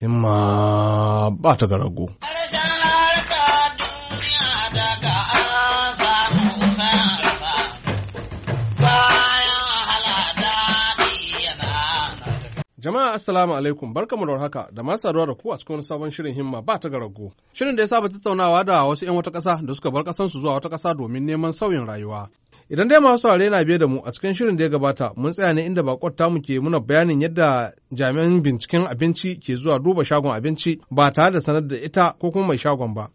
himma ba ta ga rago. Jama'a Assalamu alaikum barkamu da warhaka da ma saduwa da ku a cikin sabon shirin himma ba ta garago. Shirin da ya saba tattaunawa da wasu 'yan wata ƙasa da suka bar ƙasansu zuwa wata ƙasa domin neman sauyin rayuwa Idan dai masu saurare na biye da mu a cikin shirin da ya gabata mun tsaya ne inda bakon tamu ke muna bayanin yadda jami'an binciken abinci ke zuwa duba shagon abinci ba tare da sanar da ita ko kuma mai shagon ba.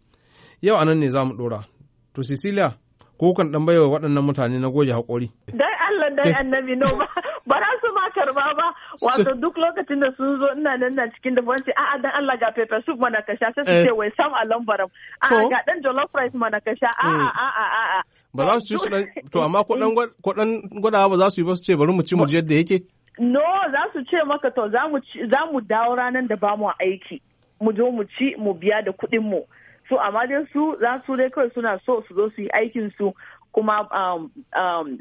Yau anan ne za mu ɗora. To Cecilia, ko kan ɗan baiwa waɗannan mutane na goge haƙori. Dai Allah dai annabi no ba ba za su ma karba ba wato duk lokacin da sun zo ina nan na cikin da wanci a'a dan Allah ga pepper soup mana kasha sai su ce eh. wai sam alambaram a'a ga dan jollof rice mana kasha eh. a'a a'a a'a ba za su ci su dan to amma ko dan gwadawa ba za su yi ba su ce bari mu ci mu ji yadda yake no za su ce maka to za mu za dawo ranar da ba mu aiki mu zo mu ci mu biya da kuɗin mu so amma dai su za su dai kawai suna so su zo su yi aikin su kuma um, um,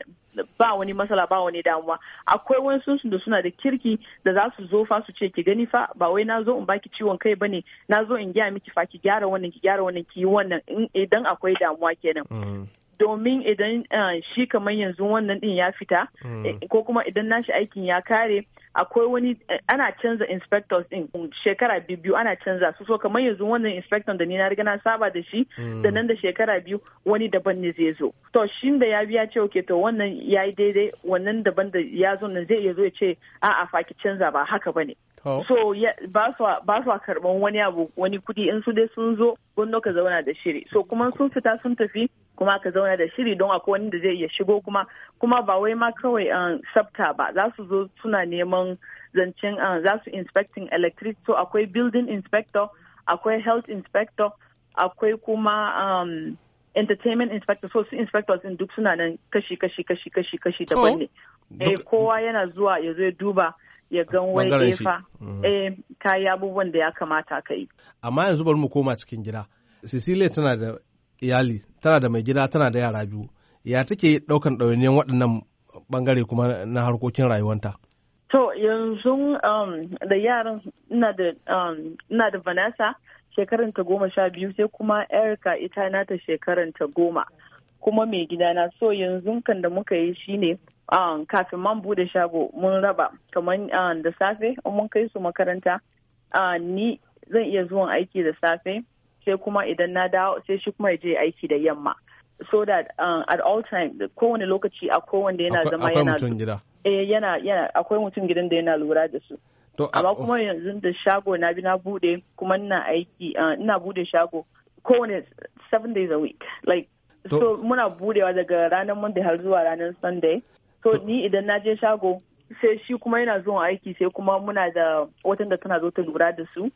ba wani masala ba wani damuwa akwai wani sun da suna da kirki da za su zo fa su ce ki gani fa ba wai na zo in baki ciwon kai bane na zo in gaya miki fa ki gyara wannan ki gyara wannan ki yi wannan idan akwai damuwa kenan mm. domin idan eh, shi kamar yanzu wannan din ya fita hmm. eh, ko kuma idan nashi aikin ya kare akwai wani eh, ana canza inspectors din mm, shekara biyu ana canza su so kamar yanzu wannan inspector da ni na riga na saba da shi da hmm. nan da shekara biyu wani daban ne zai zo to shin da ya biya ce oke to wannan yayi daidai wannan daban da ya zo nan zai iya zo ya ce a'a faki canza ba haka bane So ba su karɓan wani abu wani kuɗi in su dai sun zo gondo ka zauna da shiri. So kuma sun fita sun tafi kuma ka zauna da shiri don akwai wani da zai iya shigo kuma kuma ba wai ma kawai um, sabta ba za su zo suna neman zancen um, za su inspecting electric so akwai building inspector akwai health inspector akwai kuma um, entertainment inspector so su inspectors in duk suna nan kashi kashi kashi kashi kashi daban ne. Oh. Eh, kowa yana zuwa ya zo ya duba ya gan wai efa eh, mm-hmm. eh ka yi abubuwan da ya kamata ka yi amma yanzu bari mu koma cikin gida Cecilia tana da iyali tana da mai gida tana da yara biyu ya take daukan ɗawainiyar waɗannan bangare kuma na harkokin rayuwanta to yanzu um, da yaran ina da um, ina da Vanessa shekaranta goma sha biyu sai kuma Erica ita nata shekaranta goma kuma mai gidana so yanzu kan da muka yi shine ne um, kafin man bude shago mun raba kamar um, da safe mun kai su makaranta um, ni zan iya zuwan aiki da safe sai kuma idan na dawo sai shi kuma ya je aiki da yamma so that at all time kowane lokaci a kowanne yana zama yana gida eh yana yana akwai mutum gidan da yana lura da su amma kuma yanzu da shago na bi na bude kuma ina aiki uh, ina bude shago kowane seven days a week like so muna budewa daga ranar monday har zuwa ranar sunday so ni idan na je shago sai shi kuma yana zuwa aiki sai kuma muna da watan da tana zo ta lura da su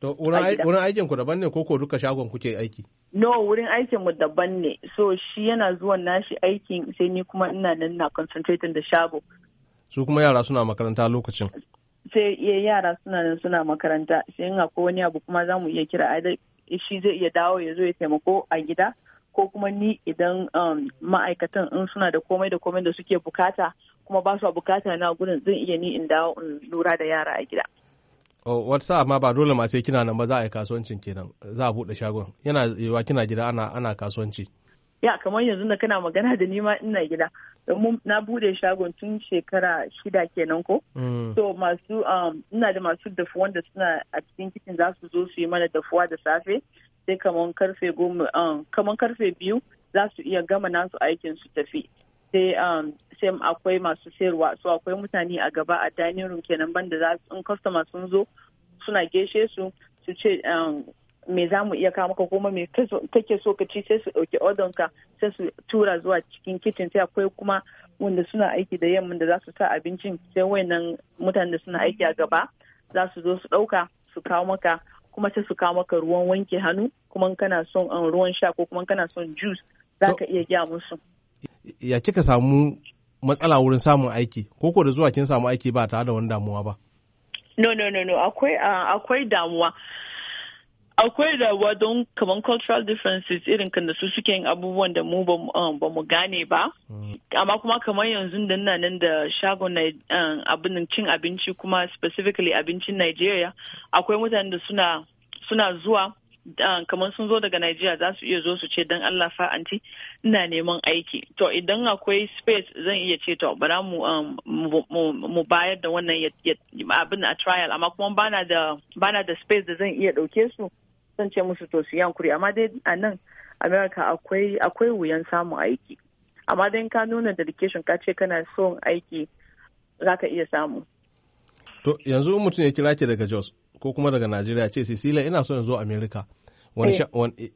To wurin aikin ku daban ne ko ko duka shagon kuke aiki? No, wurin aikin mu daban ne. So shi yana zuwan nashi aikin sai ni kuma ina nan na concentrating da shago. Su kuma yara suna makaranta lokacin? Sai iya eh, yara suna nan suna makaranta. Sai in akwai wani abu kuma za mu iya kira shi zai iya dawo ya zo ya taimako a gida. ko kuma ni idan um, ma'aikatan in suna da komai da komai da suke bukata kuma ba su bukata na gudun, zan iya ni in dawo in lura da yara a gida. Oh, wata ma ba dole ma sai kina nan ba za a yi kasuwancin kenan za a buɗe shagon yana yiwuwa kina gida ana ana kasuwanci. ya kamar yanzu da kana magana da nima ina gida na bude shagon tun shekara shida kenan ko mm. so masu um, ina da masu dafuwan da suna a cikin kicin za su zo su yi mana dafuwa da safe sai kamar um, karfe biyu za su iya gama nasu aikin su tafi sai um, sai akwai masu sayarwa su akwai mutane a gaba a dining room kenan banda za su in customer sun zo suna gaishe su su ce um, me za mu iya kawo maka kuma me kake so ka ci sai su ɗauki ka sai su tura zuwa cikin kitchen sai akwai kuma wanda suna aiki da yamma da za su sa abincin sai wayannan mutanen da suna aiki a gaba za su zo su ɗauka su kawo maka kuma sai su kawo maka ruwan wanke hannu kuma kana son um, ruwan sha ko kuma kana son juice za ka iya gya musu. Ya kika samu matsala wurin samun aiki ko ko da zuwa kin samu aiki ba tare da wani damuwa ba? No no no no akwai uh, akwai damuwa akwai rabuwa don kamar cultural differences irin kan da su suke yin abubuwan da mu ba mu um, gane ba mm. amma kuma kamar yanzu da na nan da shagon um, abin cin abinci kuma specifically abincin Nigeria akwai mutane da suna zuwa um, kamar sun zo daga nigeria za su iya zo su ce don Allah fa anti ina neman aiki to idan akwai space zan iya ce to bara mu bayar da wannan abin a trial amma kuma bana da bana da space da zan iya dauke su zan ce musu to su yankuri amma dai a nan america akwai wuyan samun aiki amma dai ka nuna dedication ka ce kana son aiki za ka iya samu to yanzu mutum ya kira ki daga jos ko kuma daga najeriya ce cecilia ina so in zo america wani eh.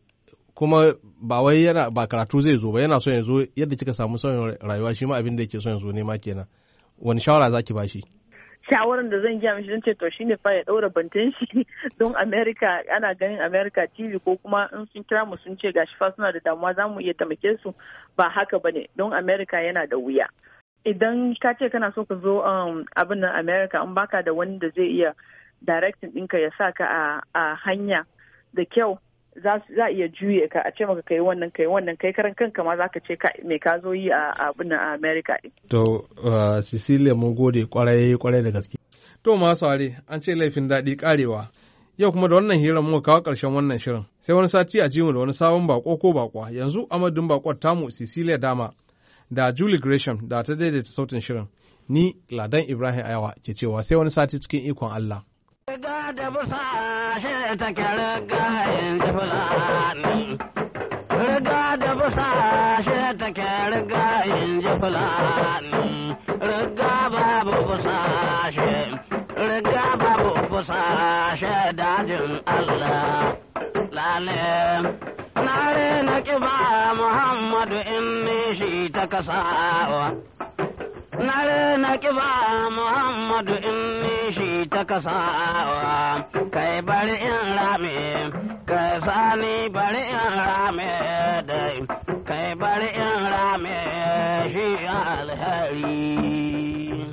kuma ba wai yana ba karatu zai zo ba yana so ya yadda kika samu sauyin rayuwa shi ma abin da yake so ya zo nema kenan wani shawara zaki ba shi shawarar da zan gaya mishi zan ce to shine fa ya daura bantan shi don America ana ganin America TV ko kuma in sun kira mu sun ce gashi fa suna da damuwa za mu iya tamake su ba haka ba ne don America yana da wuya idan ka ce kana so ka zo um, abin nan America in baka da wani da zai iya directing ɗinka ya sa ka a hanya da kyau za iya juye ka a ce maka kai wannan kai wannan kai karan kanka ma za ka ce me ka zo yi a abin a america din to uh, cecilia mun gode kwarai kwarai da gaske to ma saurare an ce laifin daɗi karewa yau kuma da wannan hirar muka kawo ƙarshen wannan shirin sai wani sati a jimu da wani sabon bako ko bakwa yanzu amadun bakwar tamu cecilia dama da julie gresham da ta daidaita sautin shirin ni ladan ibrahim ayawa ke cewa sai wani sati cikin ikon allah da busa shi take riga in ji Riga da busa shi take riga in ji Riga babu busa shi, riga babu busa shi dajin Allah. Lale, na na ƙiba Muhammadu in shi ta kasawa. na na kiba Muhammadu in shi ta kasawa kai bari in rame kai sani bari in rame dai kai bari in rame shi alhari